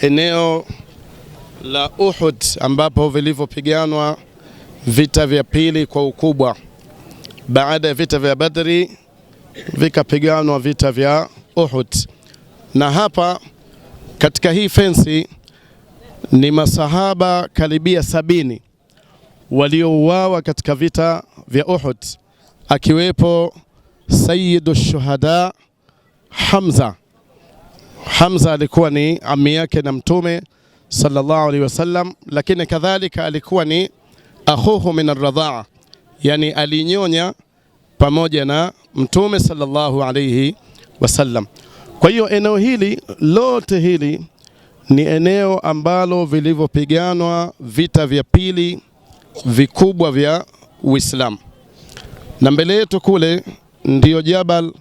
eneo la Uhud ambapo vilivyopiganwa vita vya pili kwa ukubwa baada ya vita vya Badri vikapiganwa vita vya Uhud. Na hapa katika hii fensi ni masahaba karibia sabini waliouawa katika vita vya Uhud, akiwepo Sayyidu Shuhada Hamza Hamza alikuwa ni ami yake na Mtume sallallahu alaihi wasallam, lakini kadhalika alikuwa ni akhuhu min arradhaa, yani alinyonya pamoja na Mtume sallallahu alaihi wasallam. Kwa hiyo eneo hili lote hili ni eneo ambalo vilivyopiganwa vita vya pili vikubwa vya Uislamu, na mbele yetu kule ndiyo jabal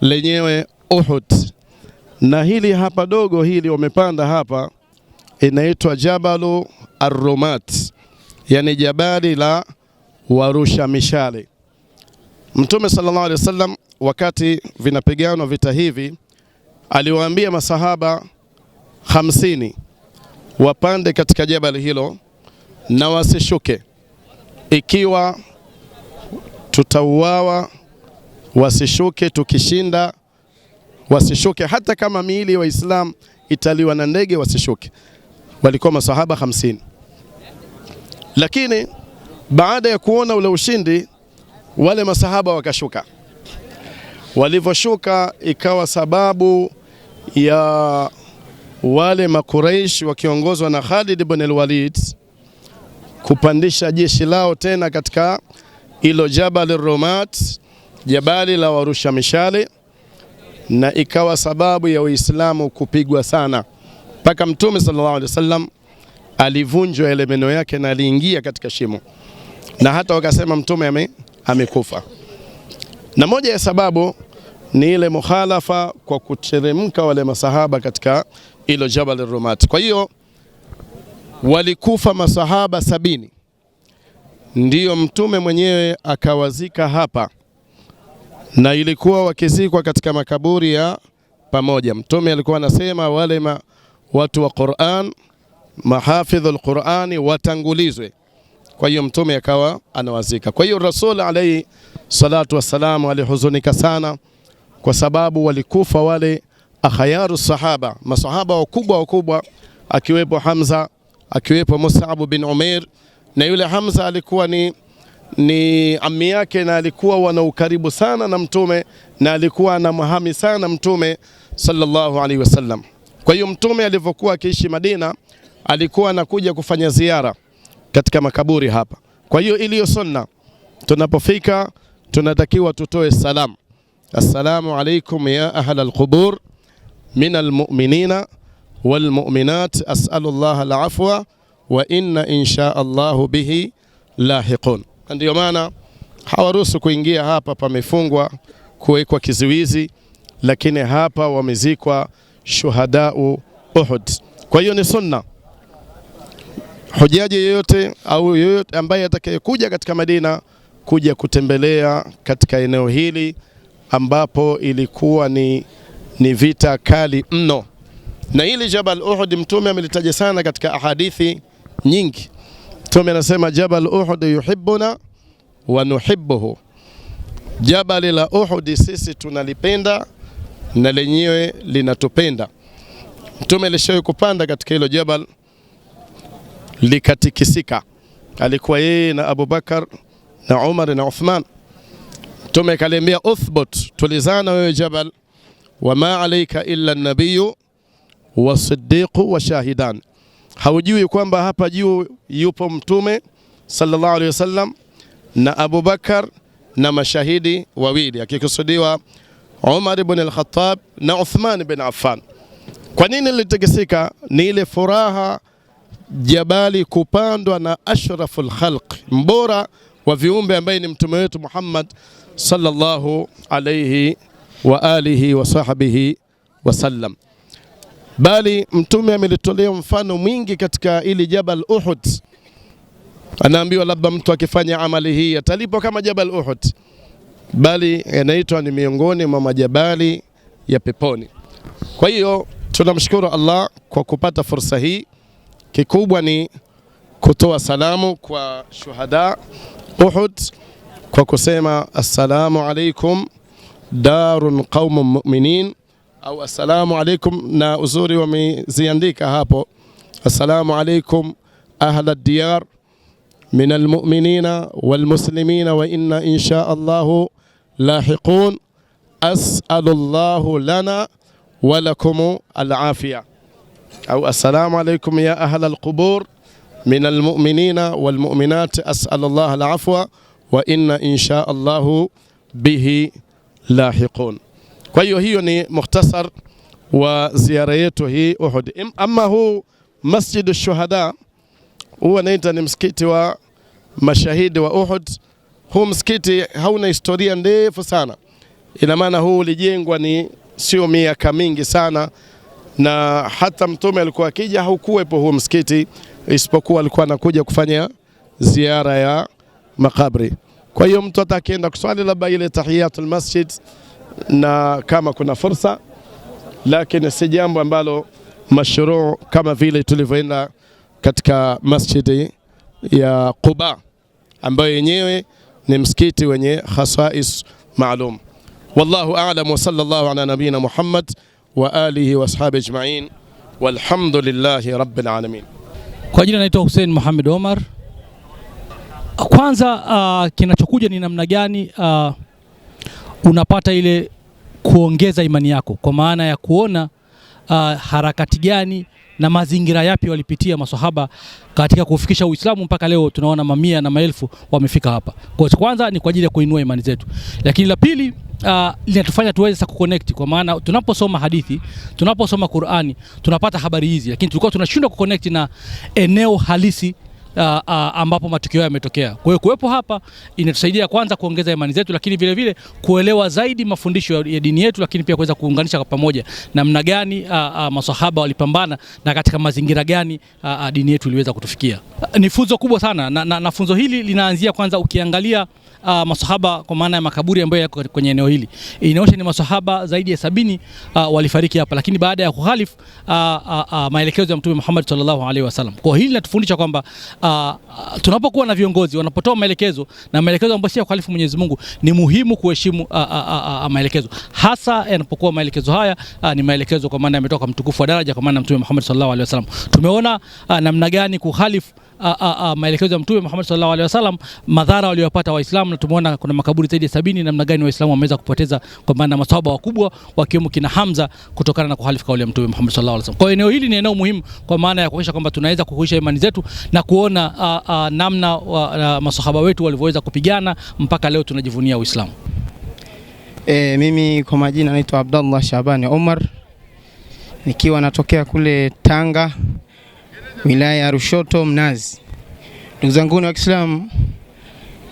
lenyewe Uhud na hili hapa dogo hili wamepanda hapa, inaitwa Jabalu arumat yani jabali la warusha mishale. Mtume sallallahu alaihi wasallam wakati vinapiganwa vita hivi aliwaambia masahaba hamsini wapande katika jabali hilo na wasishuke, ikiwa tutauawa wasishuke, tukishinda wasishuke, hata kama miili ya wa Waislamu italiwa na ndege wasishuke. Walikuwa masahaba hamsini, lakini baada ya kuona ule ushindi wale masahaba wakashuka. Walivyoshuka ikawa sababu ya wale Makuraishi wakiongozwa na Khalid ibn al-Walid kupandisha jeshi lao tena katika ilo Jabal Rumat, jabali la warusha mishale na ikawa sababu ya Uislamu kupigwa sana, mpaka Mtume sallallahu alaihi wasallam alivunjwa ile meno yake na aliingia katika shimo, na hata wakasema Mtume ame, amekufa. Na moja ya sababu ni ile mukhalafa kwa kuteremka wale masahaba katika ilo Jabal Rumat. Kwa hiyo walikufa masahaba sabini, ndiyo Mtume mwenyewe akawazika hapa na ilikuwa wakizikwa katika makaburi ya pamoja. Mtume alikuwa anasema wale ma, watu wa Qur'an, mahafidhul Qur'ani watangulizwe. Kwa hiyo mtume akawa anawazika. Kwa hiyo Rasul alayhi salatu wassalamu alihuzunika sana, kwa sababu walikufa wale akhayaru sahaba, masahaba wakubwa wakubwa, akiwepo Hamza, akiwepo Mus'ab bin Umair, na yule Hamza alikuwa ni ni ammi yake na alikuwa wana ukaribu sana na mtume na alikuwa na mahami sana mtume sallallahu alaihi wasallam. Kwa hiyo mtume alivyokuwa akiishi Madina alikuwa anakuja kufanya ziara katika makaburi hapa. Kwa hiyo iliyo sunna, tunapofika tunatakiwa tutoe salamu, assalamu alaikum ya ahla alqubur min almu'minina walmu'minat as'alu alafwa wa inna insha allahu bihi lahiqun na ndio maana hawaruhusu kuingia hapa. Pamefungwa kuwekwa kizuizi, lakini hapa wamezikwa shuhadau Uhud. Kwa hiyo ni sunna hujaji yeyote au yeyote ambaye atakayekuja katika Madina kuja kutembelea katika eneo hili ambapo ilikuwa ni, ni vita kali mno, na hili Jabal Uhud mtume amelitaja sana katika ahadithi nyingi. Mtume anasema jabal Uhud yuhibbuna wa nuhibbuhu, jabali la Uhud sisi tunalipenda na lenyewe linatupenda. Mtume alishawahi kupanda katika hilo jabal likatikisika, alikuwa yeye na Abubakar na Umar na Uthman. Mtume kaliambia uthbut, tulizana wewe jabal, wama alaika illa nabiyu wasiddiqu washahidan haujui kwamba hapa juu yupo Mtume sallallahu alaihi wasallam na Abubakar na mashahidi wawili akikusudiwa Umar ibn al-Khattab na Uthman ibn Affan. Kwa nini lilitikisika? Ni ile furaha jabali kupandwa na ashraful khalq, mbora wa viumbe ambaye ni mtume wetu Muhammad sallallahu alayhi wa alihi wa sahbihi wasallam bali Mtume amelitolea mfano mwingi katika ili Jabal Uhud. Anaambiwa labda mtu akifanya amali hii atalipwa kama Jabal Uhud, bali yanaitwa ni miongoni mwa majabali ya peponi. Kwa hiyo tunamshukuru Allah kwa kupata fursa hii. Kikubwa ni kutoa salamu kwa shuhada Uhud kwa kusema assalamu alaikum darun qaumun mu'minin au assalamu alaikum, na uzuri wameziandika hapo, assalamu alaikum ahla diyar min almu'minina walmuslimina wa inna insha allahu lahiqun asalu allahu lana wa lakum alafia au assalamu alaikum ya ahla alqubur من المؤمنين والمؤمنات أسأل الله العفو وإن إن شاء الله به لاحقون Kwa hiyo hiyo ni mukhtasar wa ziara yetu hii Uhud. Ama huu Masjid Shuhada huu anaita ni msikiti wa mashahidi wa Uhud. Huu msikiti hauna historia ndefu sana, ina maana huu ulijengwa ni sio miaka mingi sana, na hata mtume alikuwa akija haukuwepo huu msikiti, isipokuwa alikuwa anakuja kufanya ziara ya makabri. Kwa hiyo mtu atakienda kuswali labda ile tahiyatul masjid na kama kuna fursa, lakini si jambo ambalo mashruu kama vile tulivyoenda katika masjidi ya Quba ambayo yenyewe ni msikiti wenye khasais maalum. Wallahu a'lam wa sallallahu ala nabina Muhammad wa alihi wa ashabi ajma'in walhamdulillahi rabbil alamin. Kwa jina naitwa Hussein Muhammad Omar. Kwanza uh, kinachokuja ni namna gani uh, unapata ile kuongeza imani yako kwa maana ya kuona uh, harakati gani na mazingira yapi walipitia maswahaba katika kufikisha Uislamu mpaka leo tunaona mamia na maelfu wamefika hapa. Kwa kwanza ni kwa ajili ya kuinua imani zetu, lakini la pili uh, linatufanya tuweze sasa kuconnect, kwa maana tunaposoma hadithi, tunaposoma Qur'ani tunapata habari hizi, lakini tulikuwa tunashindwa kuconnect na eneo halisi uh, uh, ambapo matukio yametokea. Kwa hiyo kuwepo hapa inatusaidia kwanza kuongeza imani zetu, lakini vile vile kuelewa zaidi mafundisho ya dini yetu, lakini pia kuweza kuunganisha kwa pamoja namna gani uh, uh, maswahaba walipambana na katika mazingira gani uh, uh, dini yetu iliweza kutufikia. Uh, ni funzo kubwa sana na, na, na funzo hili linaanzia kwanza ukiangalia uh, masahaba kwa maana ya makaburi ambayo yako kwenye eneo hili. Inaonyesha ni masahaba zaidi ya sabini uh, walifariki hapa, lakini baada ya kuhalifu uh, uh, uh, maelekezo ya Mtume Muhammad sallallahu alaihi wasallam. Kwa hili natufundisha kwamba uh, uh, tunapokuwa na viongozi wanapotoa maelekezo na maelekezo ambayo si ya kuhalifu Mwenyezi Mungu, ni muhimu kuheshimu uh, uh, uh, uh, maelekezo, hasa yanapokuwa maelekezo haya uh, ni maelekezo kwa maana yametoka mtukufu wa daraja, kwa maana Mtume Muhammad sallallahu alaihi wasallam. Tumeona uh, namna gani kuhalifu Ah, ah, ah, maelekezo ya Mtume Muhammad sallallahu alaihi wasallam, madhara waliyopata Waislamu, na tumeona kuna makaburi zaidi ya sabini, namna gani Waislamu wameweza kupoteza kwa maana masahaba wakubwa wakiwemo kina Hamza kutokana na kuhalifu kauli ya Mtume Muhammad sallallahu alaihi wasallam. Kwa eneo hili ni eneo muhimu kwa maana ya kuhakikisha kwamba tunaweza kuhuisha imani zetu na kuona a, a, namna maswahaba wetu walivyoweza kupigana mpaka leo tunajivunia Uislamu. E, mimi kwa majina naitwa Abdallah Shabani Omar nikiwa natokea kule Tanga wilaya ya Lushoto Mnazi. Ndugu zangu wa Kiislamu,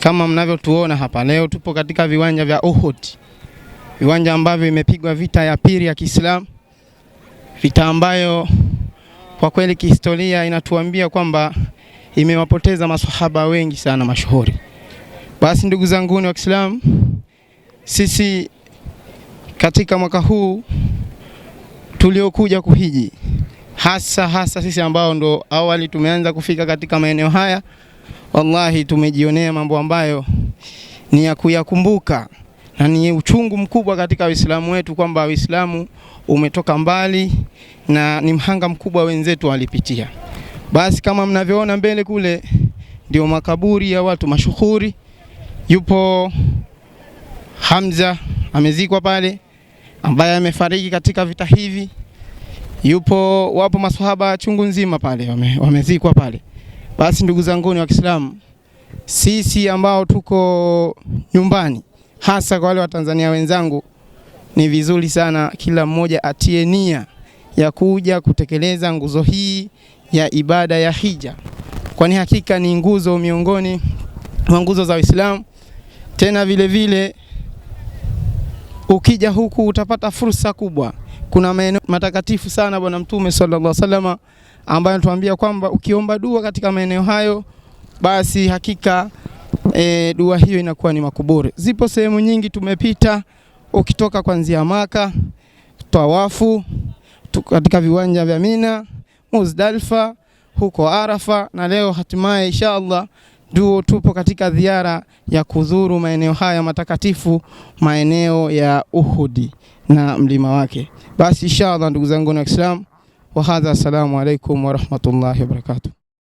kama mnavyotuona hapa leo, tupo katika viwanja vya Uhud, viwanja ambavyo imepigwa vita ya pili ya Kiislamu, vita ambayo kwa kweli kihistoria inatuambia kwamba imewapoteza maswahaba wengi sana mashuhuri. Basi ndugu zangu wa Kiislamu, sisi katika mwaka huu tuliokuja kuhiji hasa hasa sisi ambao ndo awali tumeanza kufika katika maeneo haya, wallahi tumejionea mambo ambayo ni ya kuyakumbuka na ni uchungu mkubwa katika Uislamu wetu kwamba Uislamu umetoka mbali na ni mhanga mkubwa wenzetu walipitia. Basi kama mnavyoona mbele kule ndio makaburi ya watu mashuhuri. Yupo Hamza amezikwa pale, ambaye amefariki katika vita hivi yupo wapo maswahaba chungu nzima pale wame, wamezikwa pale. Basi ndugu zanguni wa Kiislamu, sisi ambao tuko nyumbani, hasa kwa wale Watanzania wenzangu, ni vizuri sana kila mmoja atie nia ya kuja kutekeleza nguzo hii ya ibada ya hija, kwani hakika ni nguzo miongoni mwa nguzo za Uislamu. Tena vilevile vile, ukija huku utapata fursa kubwa kuna maeneo matakatifu sana Bwana Mtume sallallahu alaihi wasallam ambaye anatuambia kwamba ukiomba dua katika maeneo hayo basi hakika e, dua hiyo inakuwa ni makuburi. Zipo sehemu nyingi tumepita, ukitoka kuanzia Maka, tawafu katika viwanja vya Mina, Muzdalfa, huko Arafa, na leo hatimaye inshallah ndio tupo katika ziara ya kudhuru maeneo haya matakatifu, maeneo ya Uhudi na mlima wake. Basi inshallah, ndugu zangu wa Kiislamu, wa hadha, assalamu alaikum warahmatullahi wabarakatuh.